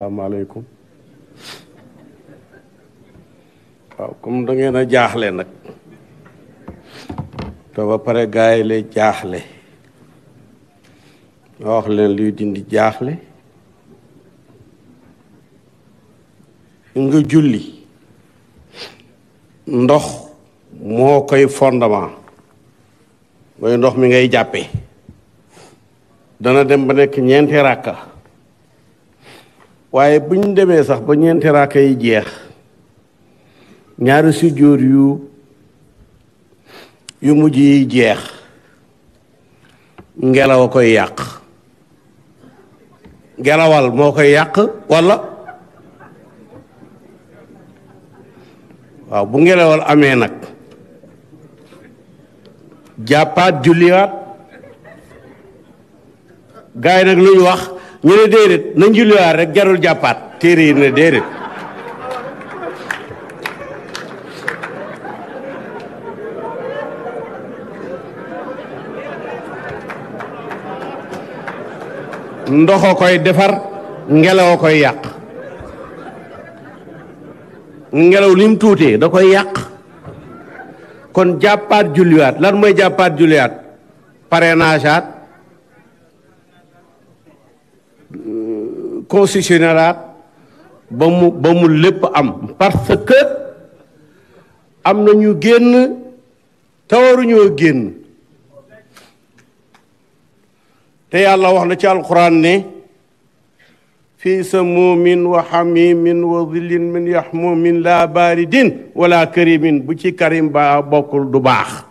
salaamaaleykum waaw comme dangeen a jaaxle nag te ba pare gaay le jaaxle leen luy dindi jaaxle nga julli ndox moo koy fondement mooy ndox mi ngay jàppe dana dem ba nekk ñeenti ràkka waaye bu ñu demee sax ba ñeenti raaka yi jeex ñaari sujjóot yu yu mujj yi jeex ngelaw a koy yàq ngelawal moo koy yàq walla waaw bu ngelawal amee nag jàppaat julliwaat gaay nag lu wax ñu ne déedéet nañ julliwaat rek jarul jàppaat téere yi ne déedéet ndoxo koy defar ngelaw koy yàq ngelaw lim tuutee da koy yàq kon jàppaat julliwaat lan mooy jàppaat julliwaat parrainage constitutionnelaat ba mu ba mu lépp am parce que am na ñu génn tawaruñoo génn te yàlla wax na ci alxuraan ne fii samuumin wa xamimin wa zillin min yaxmumin laa baaridin wala karimin bu ci karim ba bokkul du baax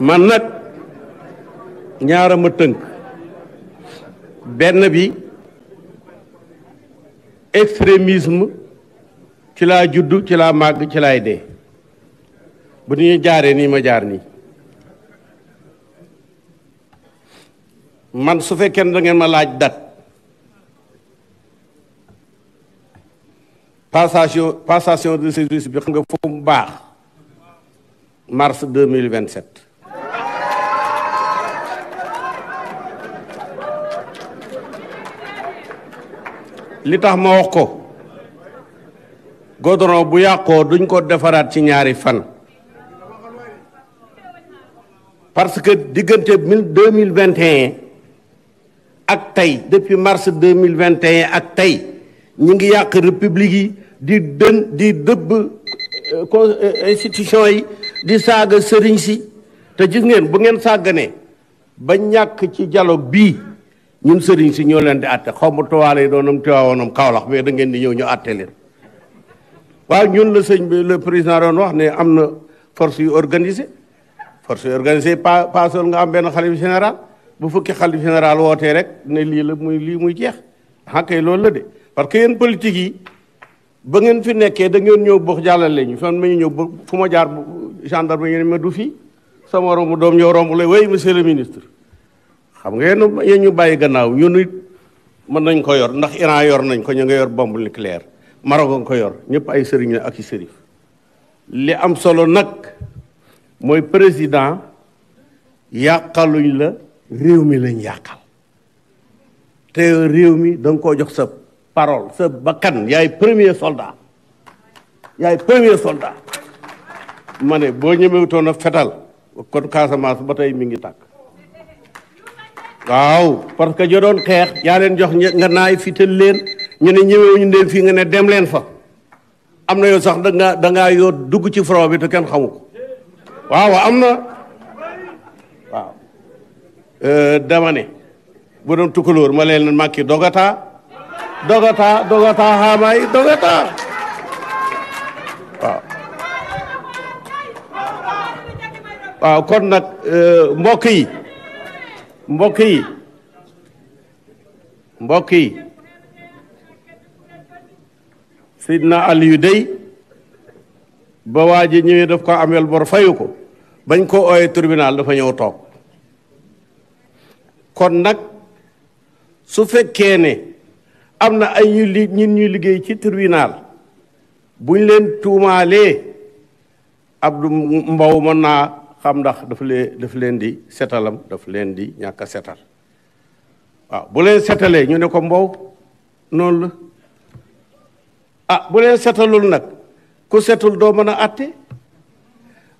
man nak ñaara ma teunk ben bi extrémisme ci la judd ci la majarni ci lay dé bu ñu jaaré ni ma jaar ni man su fekkee da ngeen ma laaj dat passation passation de service bi nga fu mars 2027 li tax ma wax ko godoron bu yàqoo duñ ko defaraat ci ñaari fan parce que diggante 2021 ak tey depuis mars 2021 ak tey ñi ngi yàq république di dën di dëbb euh, euh, institution yi di saaga sëriñ si te gis ngeen bu ngeen sàgganee ba ñàkk ci dialogue bii ñun sëriñ si ñoo leen di àtte xaw ma tuwaale yi doonam tiwaawoonam xawlax mais da ngeen di ñëw ñu àtte leen waaw ñun la sëñ bi le président doon wax ne am na force yu organisé force yu organisé pas pasol nga am benn xalif général bu fukki xalif général wootee rek ne lii la muy lii muy jeex xàkkay ah, loolu la de parce que yéen politique yi ba ngeen fi nekkee da ngeen ñëw box jàllale ñu fan ma ñu ñëw fu ma jaar gendarme ngeen ma du fii sama romb doom ñoo romb la way monsieur ministre xam nga ñu ñu bàyyi gannaaw ñu nit mën nañ ko yor ndax Iran yor nañ ko ñu nga yor bombe nucléaire Maroc ko yor ñëpp ay serigne ak serif li am solo nak moy président yaqaluñ la réew mi lañ yaqal te réew mi dang ko jox sa parole sa bakan yaay premier soldat yaay premier soldat ma ne boo ñemewutoon fétal kon casamance ba mi ngi tak waaw parce que jo doon xeex yaa leen jox nga naay fital leen ñu ne ñëwewuñu leen fii nga ne dem leen fa am na yow sax da nga da ngaa yoo dugg ci front bi te kenn xamu ko waaw am na waaw euh, dama ne bu doon tukulóor ma leen màkki dogata dogata dogata xaamaay dogata waaw waaw kon nag euh, mbokk yi mbokk yi mbokk yi Seydina Aliyu dey ba waa ji ñëwee daf ko ameel bor fayu ko bañ ko ooyee tribunal dafa ñëw toog kon nag su fekkee ne am na ay ñu ñuy liggéey ci tribunal buñ leen tuumaalee Abdou Mbow naa xam ndax daf leen daf leen di setalam daf leen di ñàkk setal waaw bu leen setalee ñu ne ko mbow noonu la ah bu leen setalul nag ku setul doo mën a atte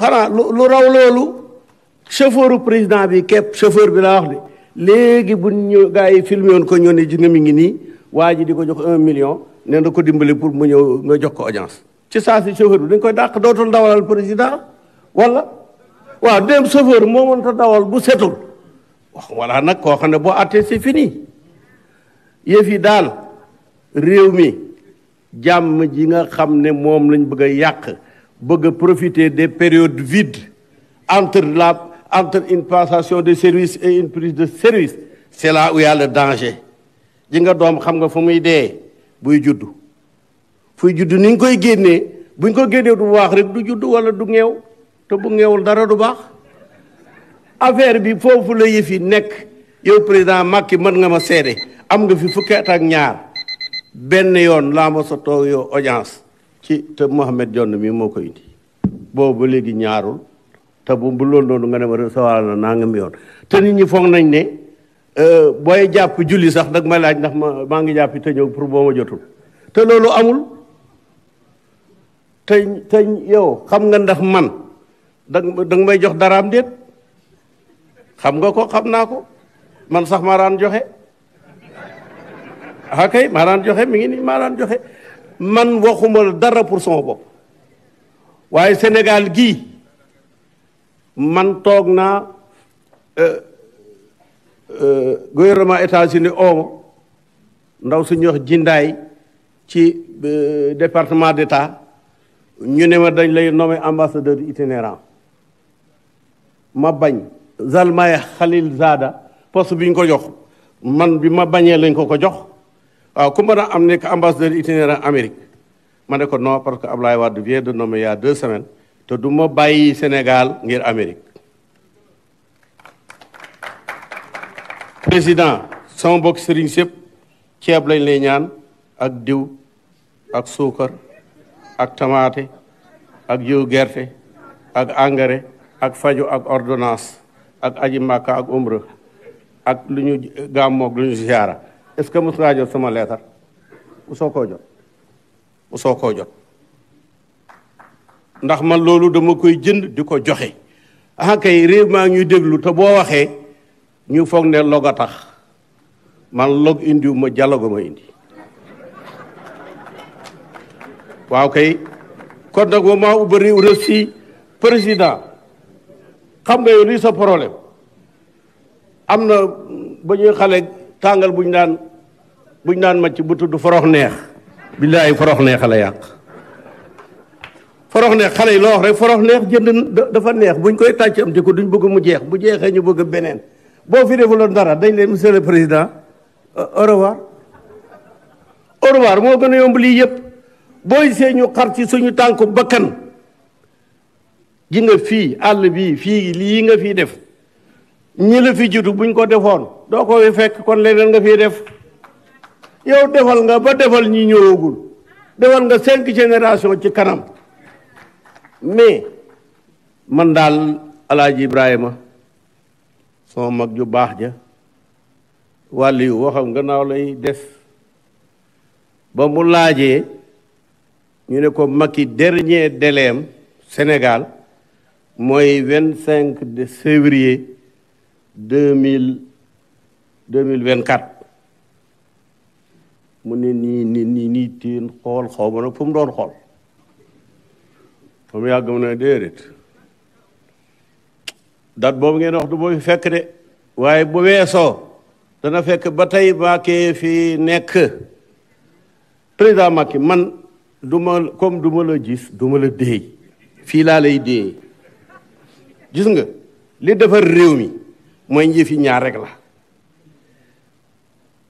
xanaa lu lu raw loolu chauffeuru président bi képp chauffeur bi la wax ni léegi bu ñu gars yi filmé woon ko ñoo ne ji nga mi ngi nii waa ji di ko jox un million ne na ko dimbali pour mu ñëw nga jox ko audience ci saa si chauffeur bi dañ koy dàq dootul ndawalal président wala waaw dem chauffeur moo ta dawal bu setul wax wala nag koo xam ne boo attee fini yëf yi daal réew mi jàmm ji nga xam ne moom lañ bëgg a yàq bëgg a profiter des périodes vides entre la entre une passation de service et une prise de service c'est là où il y a le danger ji nga doom xam nga fu muy dee buy juddu fuy juddu ni nga koy génnee buñ ko génnee du waax rek du juddu wala du ngeew te bu ngeewul dara du baax affaire bi foofu la yëf nekk yow président Macky mën nga ma seede am nga fi fukki at ak ñaar benn yoon laa ma sa toog yow audience ci te Mohamed Dionne mi moo ko indi boobu ba léegi ñaarul te bu bu loolu nga ne ma recevoir na naa nga mi yoon te nit ñi foog nañ ne euh, booy jàpp julli sax nag ma laaj ndax ma maa ngi jàpp te ñëw pour boo ma jotul te loolu amul te te yow xam nga ndax man da nga may jox daraam déet xam nga ko xam naa ko man sax maa daan joxe ah kay maa joxe mi ngi nii maa daan joxe man waxuma dara pour sama bopp waaye Sénégal gii man toog naa euh, euh, gouvernement États-Unis ooma ndaw suñu wax jindaay ci euh, département d'État ñu ne ma dañ lay nommé ambassadeur itinérant ma bañ Zalmay Khalil Zada poste bi ko jox man bi ma bañee lañ ko ko jox waaw ah, ku mën a am nekk ambassadeur itinéraire Amérique ma ne ko non parce que Ablaye Wade vient de nommer il y a deux semaines te du ma bàyyi Sénégal ngir Amérique président sama mbokk sëriñ sépp ceeb lañ lay ñaan ak diw ak suukar ak tamaate ak jiw gerte ak engrais ak fajo ak ordonnance ak aji màkka ak umra ak lu ñu gàmmoog lu ñu ziyaara est-ce que mos ngaa jot sama leetar soo koo jot mosoo koo jot ndax man loolu dama koy jënd di ko joxe ah kay réew maa ñuy déglu te boo waxee ñu foog ne log tax man log indiwu ma dialogue ma indi waaw kay kon nag wa maa ubari rësi président xam nga yow lii sa problème am na ba ñuy xale tàngal buñ daan buñ daan macc bu tudd forox neex billaay forox neex la yàq forox neex xale yi loo wax rek forox neex jënd dafa neex buñ koy tàcc am ko duñ bëgg mu jeex bu jeexee ñu bëgg beneen boo fi defuloon dara dañ leen monsieur le président euh, au revoir au revoir moo gën a yomb lii yëpp booy see ñu xar ci suñu tànku bakkan gi nga fii àll bii fii lii nga fii def ñi la fi jiitu buñ ko defoon doo ko fi fekk kon leneen nga fii def yow defal nga ba defal ñi ñëwagul defal nga cinq génération ci kanam mais man daal alaaji ibrahima sama mag ju baax ja wàll yu waxam gannaaw lay def ba mu laajee ñu ne ko Macky dernier délai am Sénégal mooy vingt cinq de février deux mille deux mille vingt quatre mu ne nii nii nii nii teen xool xaw ma nag fu mu doon xool fa yàgg mu ne déedéet date boobu ngeen wax du boobu fekk de waaye bu weesoo dana fekk ba tey baakee fi nekk président Macky man duma ma comme du ma la gis du ma la déey fii laa lay déey gis nga li defar réew mi mooy njëf yi ñaar rek la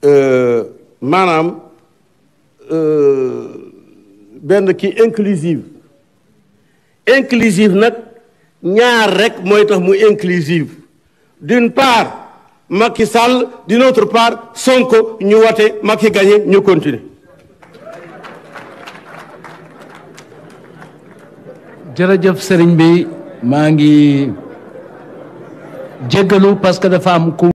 euh, maanaam euh, benn kii inclusive inclusive nag ñaar rekk mooy tax mu inclusive d'une part Macky Sall d'une autre part Sonko ñu wate Macky gagné ñu continuer jërëjëf sëriñ bi maa ngi jéggalu parce que dafa am ku